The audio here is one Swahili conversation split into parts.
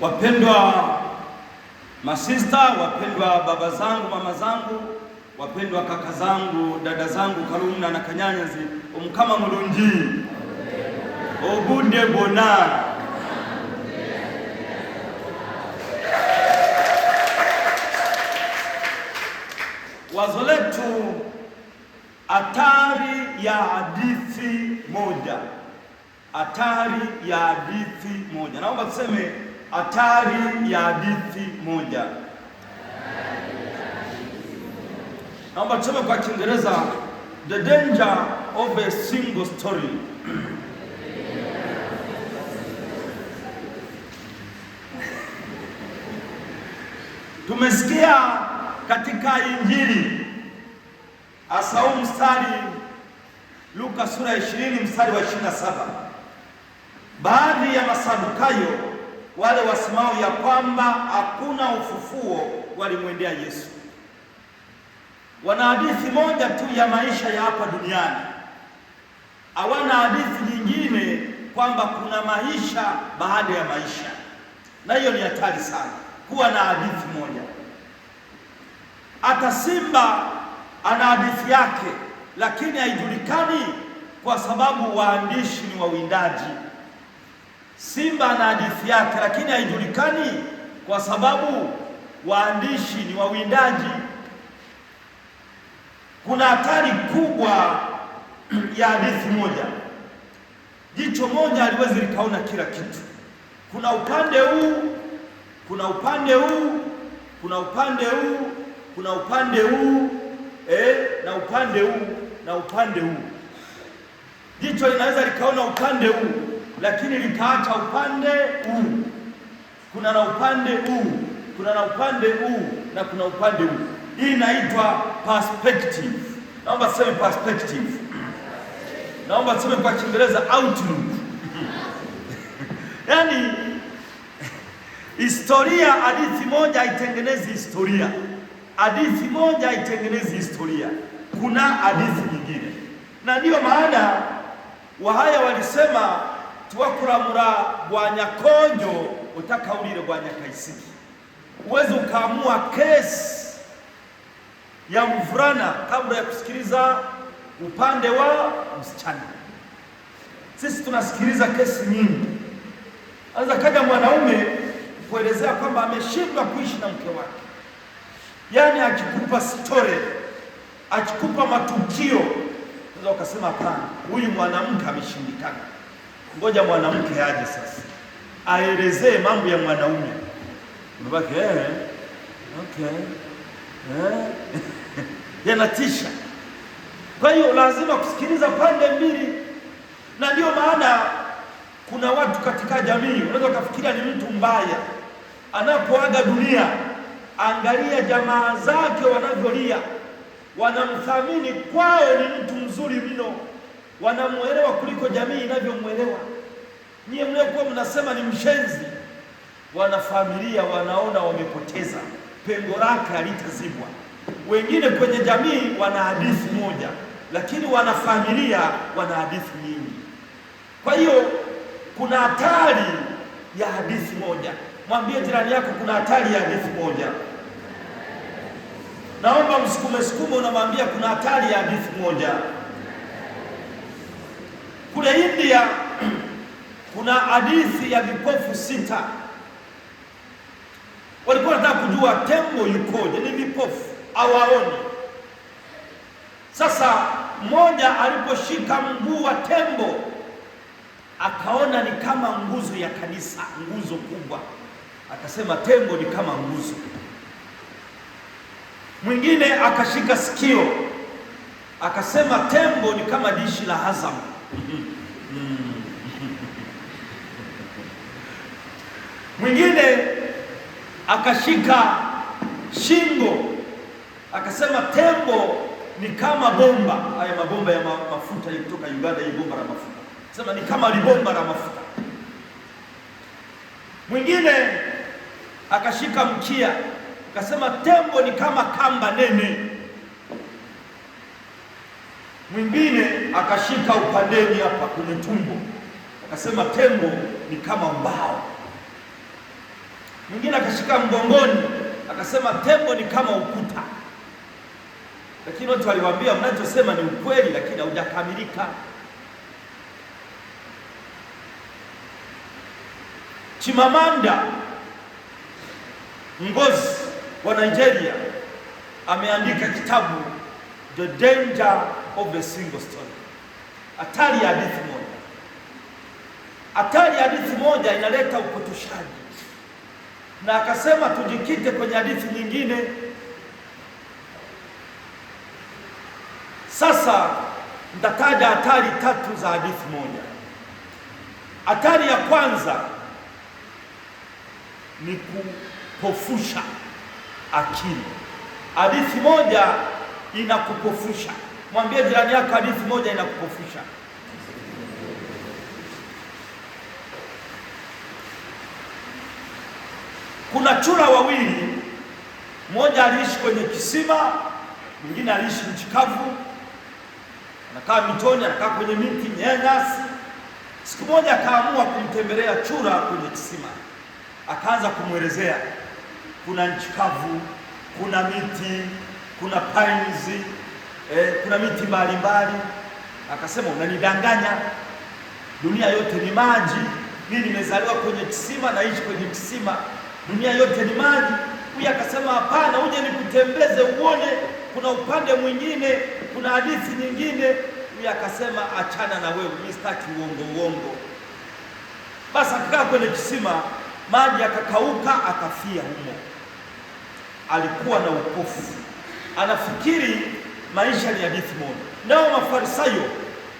Wapendwa masista, wapendwa baba zangu, mama zangu, wapendwa kaka zangu, dada zangu, kalumna na kanyanyazi omukama mulungi obudde bona wazo letu hatari ya hadithi moja, hatari ya hadithi moja. Naomba tuseme Hatari ya hadithi moja. Naomba tuseme kwa Kiingereza, the danger of a single story. Tumesikia katika Injili asau mstari Luka sura 20 mstari wa 27, baadhi ya Masadukayo wale wasimao ya kwamba hakuna ufufuo walimwendea Yesu. Wana hadithi moja tu ya maisha ya hapa duniani, hawana hadithi nyingine kwamba kuna maisha baada ya maisha, na hiyo ni hatari sana kuwa na hadithi moja. Hata simba ana hadithi yake, lakini haijulikani kwa sababu waandishi ni wawindaji Simba na hadithi yake, lakini haijulikani kwa sababu waandishi ni wawindaji. Kuna hatari kubwa ya hadithi moja. Jicho moja aliwezi likaona kila kitu. Kuna upande huu, kuna upande huu, kuna upande huu, kuna upande huu eh, na upande huu na upande huu. Jicho linaweza likaona upande huu lakini likaacha upande huu, kuna na upande huu, kuna na upande huu na kuna upande huu. Hii inaitwa perspective. Naomba tuseme perspective, naomba tuseme kwa Kiingereza outlook. Yaani historia, hadithi moja haitengenezi historia, hadithi moja haitengenezi historia, kuna hadithi nyingine, na ndiyo maana Wahaya walisema tubakuramura gwa konjo utakaulile gwa kaisiki uweze ukaamua kesi ya mvulana kabla ya kusikiliza upande wa msichana. Sisi tunasikiliza kesi nyingi, anza kaja mwanaume kuelezea kwamba ameshindwa kuishi na mke wake, yaani akikupa story, akikupa matukio, unaweza ukasema hapana, huyu mwanamke ameshindikana ngoja mwanamke aje sasa aelezee mambo ya mwanaume. Unabaki eh, okay eh, yanatisha. Kwa hiyo lazima kusikiliza pande mbili, na ndio maana kuna watu katika jamii unaweza ukafikiria ni mtu mbaya, anapoaga dunia, angalia jamaa zake wanavyolia, wanamthamini. Kwao ni mtu mzuri mno wanamwelewa kuliko jamii inavyomwelewa. Nyie mliokuwa mnasema ni mshenzi, wanafamilia wanaona wamepoteza, pengo lake halitazibwa. Wengine kwenye jamii wana hadithi moja, lakini wanafamilia wana hadithi nyingi. Kwa hiyo kuna hatari ya hadithi moja. Mwambie jirani yako kuna hatari ya hadithi moja. Naomba msukume sukume, unamwambia kuna hatari ya hadithi moja. Kule India kuna hadithi ya vipofu sita. Walikuwa wanataka kujua tembo yukoje, ni vipofu awaoni Sasa mmoja aliposhika mguu wa tembo akaona ni kama nguzo ya kanisa, nguzo kubwa, akasema tembo ni kama nguzo. Mwingine akashika sikio akasema tembo ni kama dishi la Azam. Mwingine akashika shingo akasema, tembo ni kama bomba. Haya mabomba ya mafuta kutoka Uganda, hii bomba la mafuta, sema ni kama libomba la mafuta. Mwingine akashika mkia akasema, tembo ni kama kamba nene Mwingine akashika upandeni hapa kwenye tumbo, akasema tembo ni kama mbao. Mwingine akashika mgongoni, akasema tembo ni kama ukuta. Lakini watu waliwaambia, mnachosema ni ukweli, lakini haujakamilika. Chimamanda Ngozi wa Nigeria ameandika kitabu The Danger of a single story. Hatari ya hadithi moja, hatari ya hadithi moja inaleta upotoshaji, na akasema tujikite kwenye hadithi nyingine. Sasa nitataja hatari tatu za hadithi moja. Hatari ya kwanza ni kupofusha akili. Hadithi moja inakupofusha Mwambie jirani yako hadithi moja inakukofusha. Kuna chura wawili, mmoja aliishi kwenye kisima, mwingine aliishi nchi kavu, anakaa mitoni, anakaa kwenye miti nyasi. Siku moja akaamua kumtembelea chura kwenye kisima, akaanza kumwelezea kuna nchi kavu, kuna miti, kuna pines eh, kuna miti mbalimbali. Akasema unanidanganya, dunia yote ni maji, mimi nimezaliwa kwenye kisima, naishi kwenye kisima, dunia yote ni maji. Huyu akasema hapana, uje nikutembeze uone, kuna upande mwingine, kuna hadithi nyingine. Huyu akasema achana na wewe, mimi sitaki uongo uongo. Basi akakaa kwenye kisima, maji akakauka, akafia humo. Alikuwa na upofu, anafikiri maisha ni hadithi moja. Nao Mafarisayo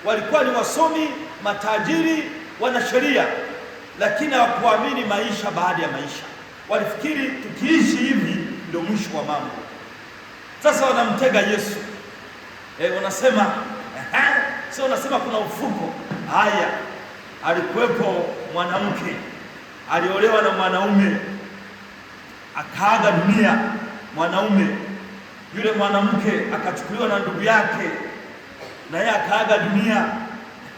walikuwa ni wasomi, matajiri, wana sheria, lakini hawakuamini maisha baada ya maisha. Walifikiri tukiishi hivi ndio mwisho wa mambo. Sasa wanamtega Yesu e, wanasema sio, wanasema kuna ufuko. Haya, alikuwepo mwanamke aliolewa na mwanaume akaaga dunia mwanaume yule mwanamke akachukuliwa na ndugu yake na yeye akaaga dunia.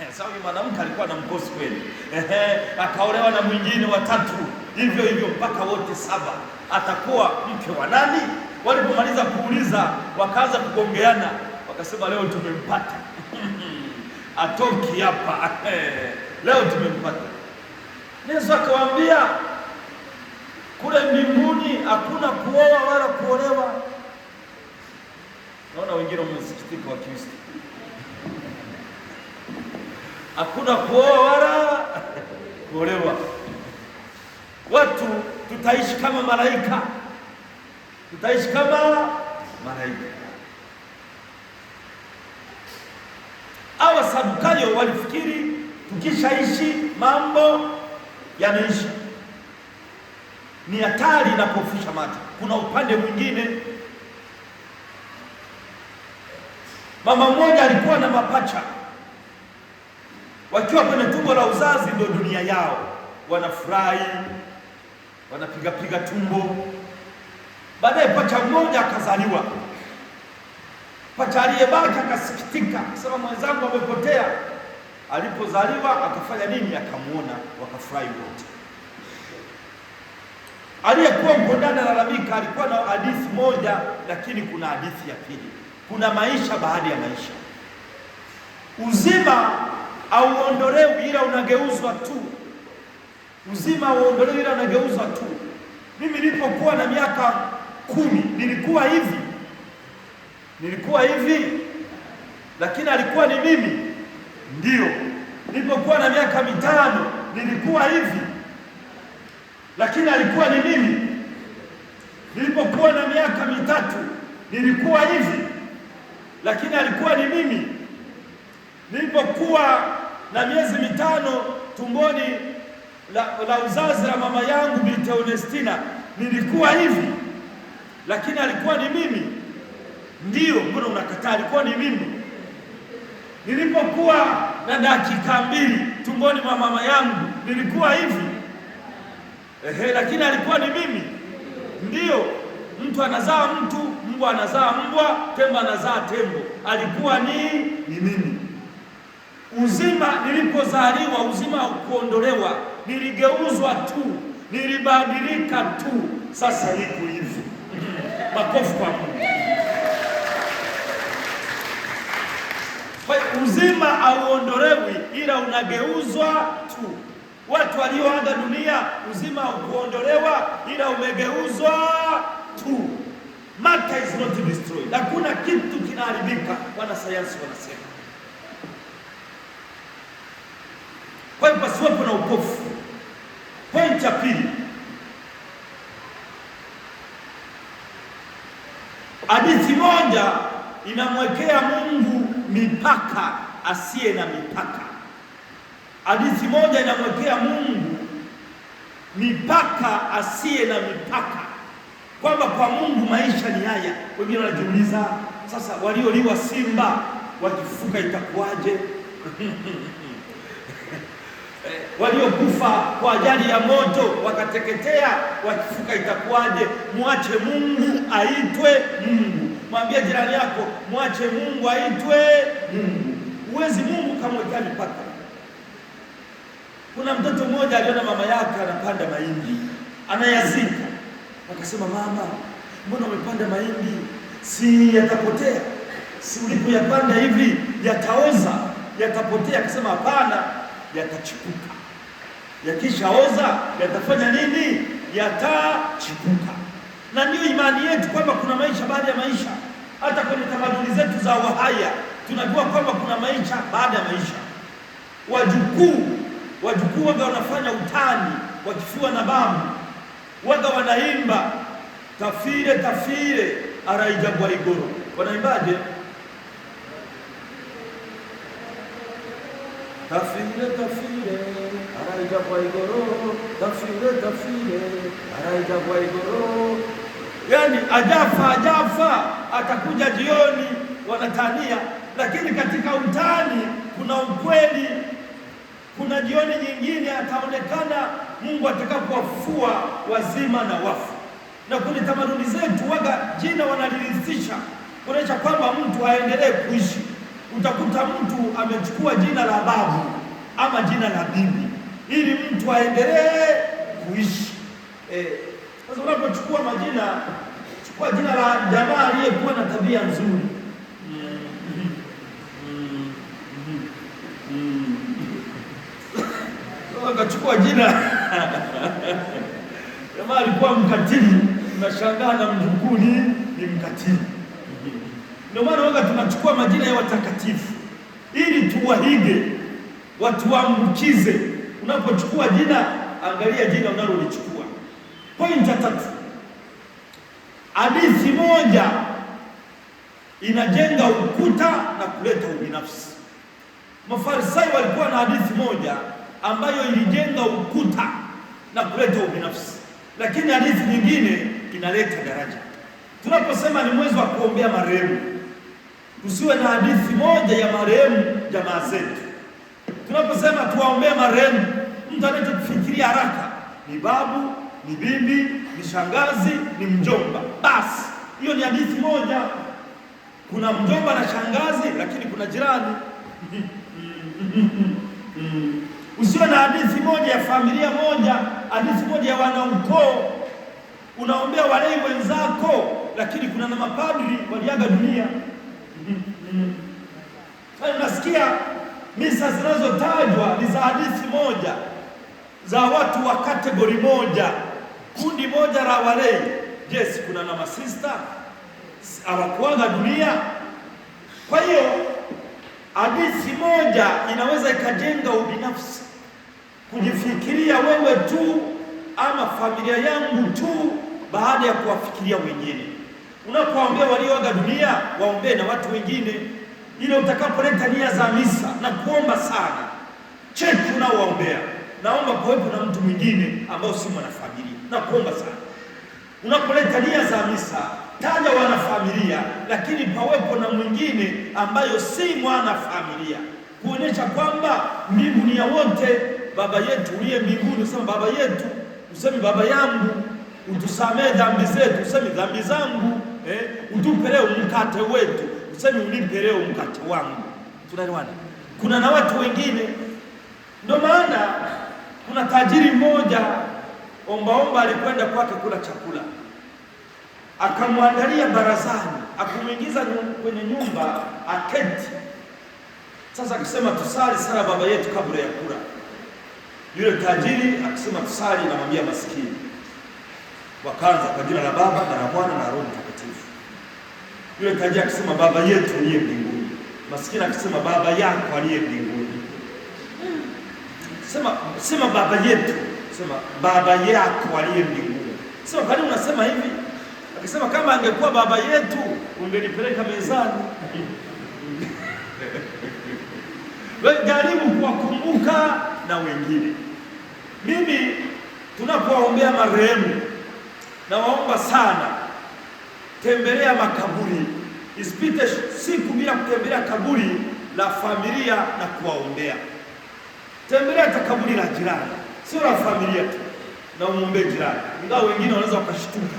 Sasa yule mwanamke alikuwa na mkosi kweli, akaolewa na mwingine watatu, hivyo hivyo mpaka wote saba. Atakuwa mke wa nani? Walipomaliza kuuliza, wakaanza kugongeana, wakasema leo tumempata atoki hapa leo tumempata. Yesu akawaambia kule mbinguni hakuna kuoa wala kuolewa Naona wengine wamesikitika wa Kristo. Hakuna kuoa wala kuolewa. Watu tutaishi kama malaika, tutaishi kama malaika. Hawa Sadukayo walifikiri tukishaishi mambo yanaisha. Ni hatari na kuofusha macho. Kuna upande mwingine Mama mmoja alikuwa na mapacha, wakiwa kwenye tumbo la uzazi, ndio dunia yao, wanafurahi, wanapigapiga tumbo. Baadaye pacha mmoja akazaliwa. Pacha aliyebaki akasikitika, akasema mwenzangu amepotea. Alipozaliwa akafanya nini? Akamwona, wakafurahi wote. Aliyekuwa mkondani analalamika, alikuwa na hadithi moja, lakini kuna hadithi ya pili kuna maisha baada ya maisha. Uzima hauondolewi ila unageuzwa tu. Uzima hauondolewi ila unageuzwa tu. Mimi nilipokuwa na miaka kumi nilikuwa hivi, nilikuwa hivi, lakini alikuwa ni mimi. Ndio nilipokuwa na miaka mitano nilikuwa hivi, lakini alikuwa ni mimi. Nilipokuwa na miaka mitatu nilikuwa hivi lakini alikuwa ni mimi. Nilipokuwa na miezi mitano tumboni la, la uzazi la mama yangu binti Onestina, nilikuwa hivi, lakini alikuwa ni mimi. ndio mbona unakataa? Alikuwa ni mimi. Nilipokuwa na dakika mbili tumboni mwa mama yangu nilikuwa hivi. Ehe, lakini alikuwa ni mimi. ndio mtu anazaa mtu mbwa anazaa mbwa, tembo anazaa tembo. Alikuwa ni ni mimi. Uzima nilipozaliwa, uzima haukuondolewa, niligeuzwa tu, nilibadilika tu. Sasa niko hivi. Makofi kwa Mungu. Uzima hauondolewi ila unageuzwa tu. Watu walioaga dunia, uzima haukuondolewa ila umegeuzwa tu matter is not destroyed, hakuna kitu kinaharibika, wanasayansi wanasema. Kwa hiyo pasiwepo na upofu. Point ya pili, hadithi moja inamwekea Mungu mipaka asiye na mipaka. Hadithi moja inamwekea Mungu mipaka asiye na mipaka kwamba kwa Mungu maisha ni haya. Wengine wanajiuliza sasa, walioliwa simba wakifuka itakuwaje? waliokufa kwa ajali ya moto wakateketea wakifuka itakuwaje? Mwache Mungu aitwe Mungu. Mwambie jirani yako, mwache Mungu aitwe Mungu. uwezi Mungu kamwekea mipaka. Kuna mtoto mmoja aliona mama yake anapanda mahindi anayazika Akasema, mama, mbona umepanda mahindi? Si yatapotea? Si ulipoyapanda hivi yataoza, yatapotea? Akasema, hapana, yatachipuka. Yakishaoza yatafanya nini? Yatachipuka. Na ndiyo imani yetu kwamba kuna maisha baada ya maisha. Hata kwenye tamaduni zetu za Wahaya tunajua kwamba kuna maisha baada ya maisha. Wajukuu wajukuu waga wanafanya utani wakifiwa na babu waga wanaimba tafire tafire araijagwa igoro. Wanaimbaje? tafire tafire araijagwa igoro, tafire tafire araijagwa igoro. Yani ajafa ajafa, atakuja jioni, wanatania. Lakini katika utani kuna ukweli kuna jioni nyingine ataonekana Mungu atakapowafua wazima na wafu. Na kwenye tamaduni zetu waga jina wanalirithisha kuonyesha kwamba mtu aendelee kuishi. Utakuta mtu amechukua jina la babu ama jina la bibi ili mtu aendelee kuishi. E, Sasa eh, unapochukua majina, chukua jina la jamaa aliyekuwa na tabia nzuri kuchukua jina jamaa alikuwa mkatili, unashangaa na mjukuu ni ni mkatili. Ndio maana waga tunachukua majina ya watakatifu ili tuwahige watuambukize. Unapochukua jina, angalia jina unalolichukua. Point ya tatu, hadithi moja inajenga ukuta na kuleta ubinafsi. Mafarisayo walikuwa na hadithi moja ambayo ilijenga ukuta na kuleta ubinafsi, lakini hadithi nyingine inaleta daraja. Tunaposema ni mwezi wa kuombea marehemu, tusiwe na hadithi moja ya marehemu jamaa zetu. Tunaposema tuwaombea marehemu, mtu kufikiria haraka ni babu, ni bibi, ni shangazi, ni mjomba. Basi hiyo ni hadithi moja. Kuna mjomba na shangazi, lakini kuna jirani Usiwe na hadithi moja ya familia moja, hadithi moja ya wanaukoo. Unaombea walei wenzako, lakini kuna na mapadri waliaga dunia. Sasa unasikia misa zinazotajwa ni za hadithi moja za watu wa kategori moja, kundi moja la walei. Je, si kuna na masista hawakuaga dunia? Kwa hiyo Hadithi moja inaweza ikajenga ubinafsi, kujifikiria wewe tu ama familia yangu tu, baada ya kuwafikiria wengine. Unapoambia walioaga dunia, waombee na watu wengine, ili utakapoleta nia za misa na kuomba sana, cheki unaowaombea, naomba kuwepo na mtu mwingine ambao si mwanafamilia, na kuomba sana unapoleta nia za misa taja wanafamilia, lakini pawepo na mwingine ambayo si mwanafamilia, kuonyesha kwamba mbingu ni ya wote. Baba yetu uliye mbinguni, useme baba yetu, useme baba yangu, utusamee dhambi zetu, useme dhambi zangu, eh, utupe leo mkate wetu, useme unipe leo mkate wangu. Tunaelewana? Kuna na watu wengine, ndio maana kuna tajiri mmoja ombaomba, alikwenda kwake kula chakula akamwandalia barazani, akamwingiza kwenye nyumba aketi. Sasa akisema tusali sala baba yetu kabla ya kula. Yule tajiri akisema tusali, namwambia maskini. Wakaanza kwa jina la Baba na la Bwana na Roho Mtakatifu. Yule tajiri akisema baba yetu aliye mbinguni, masikini akisema baba yako aliye mbinguni. Sema sema baba yetu, sema baba yako aliye mbinguni. Sema kwani unasema hivi? akisema kama angekuwa baba yetu ungenipeleka mezani. Jaribu kuwakumbuka na wengine. Mimi tunapowaombea marehemu, nawaomba sana, tembelea makaburi, isipite siku bila kutembelea kaburi la familia na kuwaombea. Tembelea hata kaburi la jirani, sio la familia tu, na umwombee jirani, ingawa wengine wanaweza wakashtuka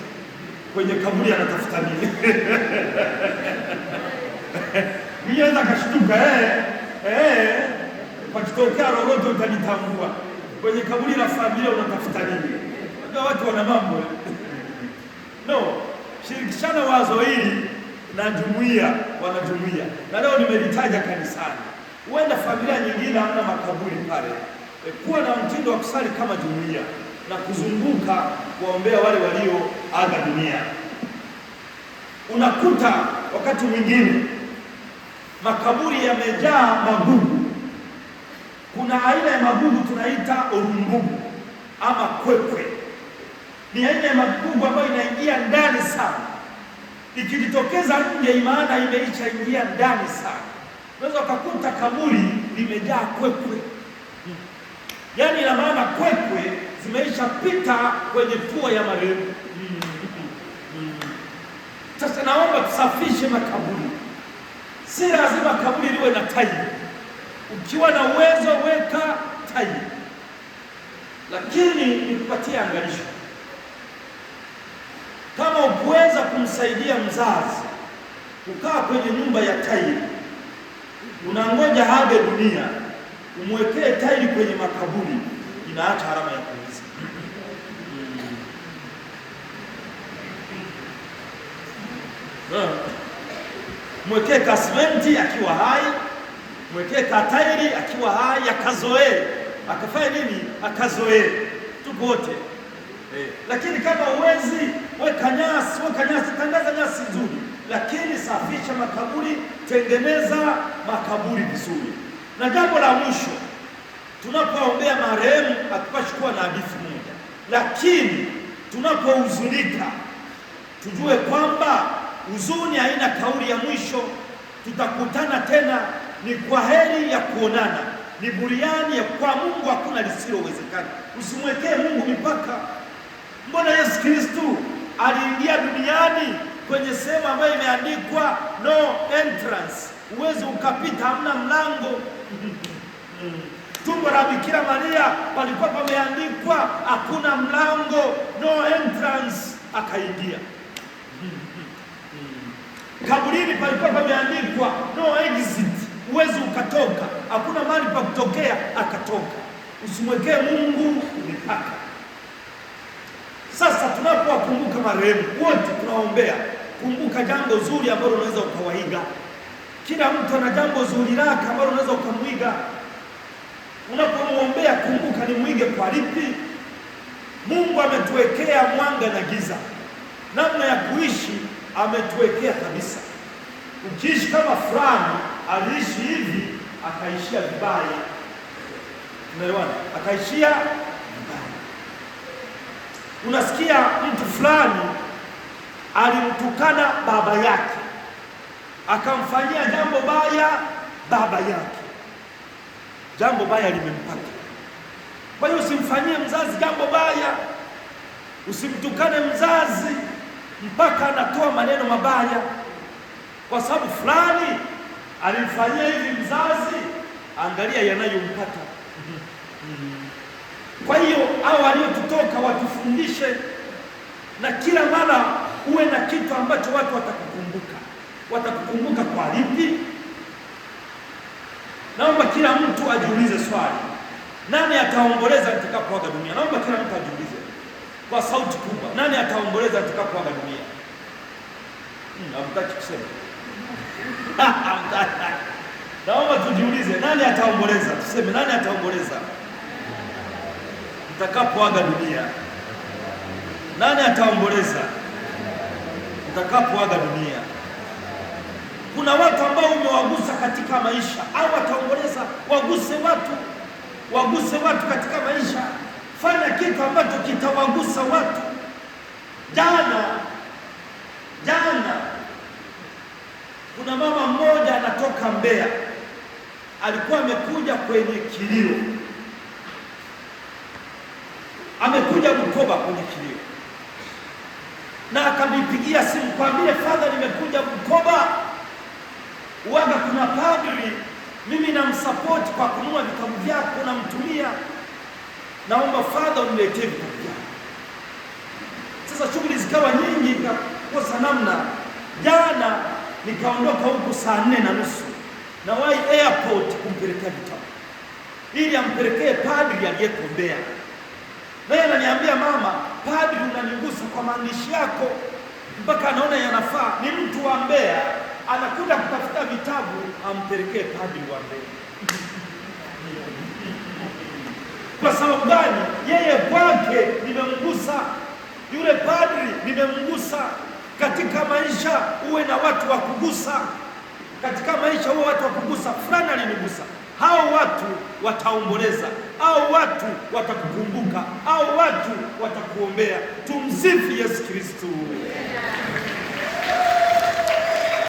kwenye kaburi anatafuta nini? Niweza akashtuka eh, eh, pakitokea lolote utanitambua. Kwenye kaburi la familia unatafuta nini? Ndio watu wana mambo no. Shirikishana wazo hili na jumuiya, jumuiya, na leo nimelitaja kanisani. Huenda familia nyingine hamna makaburi pale. Eh, kuwa na mtindo wa kusali kama jumuiya na kuzunguka kuwaombea wale walioaga dunia. Unakuta wakati mwingine makaburi yamejaa magugu. Kuna aina ya magugu tunaita urumbugu ama kwekwe, ni aina ya magugu ambayo inaingia ndani sana, ikijitokeza nje, imaana imeicha ingia ndani sana. Unaweza ukakuta kaburi limejaa kwekwe, yaani ina maana kwekwe zimeishapita kwenye pua ya marehemu. Sasa naomba tusafishe makaburi. Si lazima kaburi liwe na tairi. Ukiwa na uwezo weka tairi, lakini nikupatie angalisho. Kama ukuweza kumsaidia mzazi kukaa kwenye nyumba ya tairi, unangoja hage dunia umwekee tairi kwenye makaburi tunaacha harama ya kuuliza. Hmm. Hmm. Mwekee kasimenti akiwa hai, mwekee katairi akiwa hai, akazoee. Akafanya nini? Akazoee tupote eh. Lakini kama uwezi, weka nyasi, weka nyasi, tangaza nyasi nzuri, lakini safisha makaburi, tengeneza makaburi vizuri. Na jambo la mwisho tunapoombea marehemu akipashi kuwa na hadithi moja, lakini tunapohuzunika tujue kwamba huzuni haina kauli ya mwisho. Tutakutana tena, ni kwa heri ya kuonana, ni buriani ya kwa Mungu, hakuna lisilowezekana. Usimwekee Mungu mipaka. Mbona Yesu Kristu aliingia duniani kwenye sehemu ambayo imeandikwa no entrance, huwezi ukapita, hamna mlango tumbo la Bikira Maria palikuwa pameandikwa hakuna mlango, no entrance, akaingia. Kaburini palikuwa pameandikwa no exit, huwezi ukatoka, hakuna mahali pa kutokea, akatoka. Usimwekee Mungu mipaka. Sasa tunapowakumbuka marehemu wote tunaombea, kumbuka jambo zuri ambalo unaweza ukawaiga. Kila mtu ana jambo zuri lake ambalo unaweza ukamwiga. Unapomwombea kumbuka ni mwige kwa lipi. Mungu ametuwekea mwanga na giza, namna ya kuishi ametuwekea kabisa. Ukiishi kama fulani aliishi hivi, akaishia vibaya. Unaelewana? Akaishia vibaya. Unasikia mtu fulani alimtukana baba yake, akamfanyia jambo baya baba yake jambo baya limempata. Kwa hiyo usimfanyie mzazi jambo baya, usimtukane mzazi mpaka anatoa maneno mabaya, kwa sababu fulani alimfanyia hivi mzazi, angalia yanayompata. Kwa hiyo hao waliotutoka watufundishe, na kila mara uwe na kitu ambacho watu watakukumbuka. Watakukumbuka kwa lipi? Naomba kila mtu ajiulize swali, nani ataomboleza nitakapoaga dunia? Naomba kila mtu ajiulize kwa sauti kubwa, nani ataomboleza nitakapoaga dunia? Hmm, hamtaki kusema. Naomba tujiulize, nani ataomboleza? Tuseme, nani ataomboleza mtakapoaga dunia? Nani ataomboleza mtakapoaga dunia? Kuna watu ambao umewagusa katika maisha, au wataomboleza, waguse watu, waguse watu katika maisha. Fanya kitu ambacho kitawagusa watu. Jana jana, kuna mama mmoja anatoka Mbeya, alikuwa amekuja kwenye kilio, amekuja Bukoba kwenye kilio, na akanipigia simu kwambie, fadha, nimekuja Bukoba Uwaga kuna padri, mimi namsapoti kwa kununua vitabu vyako, namtumia, naomba fadha uniletee vitabu vyako. Sasa shughuli zikawa nyingi, nikakosa namna. Jana nikaondoka huku saa nne na nusu na wai airport kumpelekea vitabu ili ampelekee padri aliyekombea, Mbeya. Naye ananiambia mama, padri unanigusa kwa maandishi yako mpaka anaona yanafaa. Ni mtu wa Mbeya anakuja kutafuta vitabu ampelekee padri wa mbele. Kwa sababu gani? Yeye kwake nimemgusa, yule padri nimemgusa. Katika maisha uwe na watu wa kugusa, katika maisha uwe watu wa kugusa. Fulani alinigusa, hao watu wataomboleza, au watu watakukumbuka, au watu watakuombea. Tumsifu Yesu Kristo.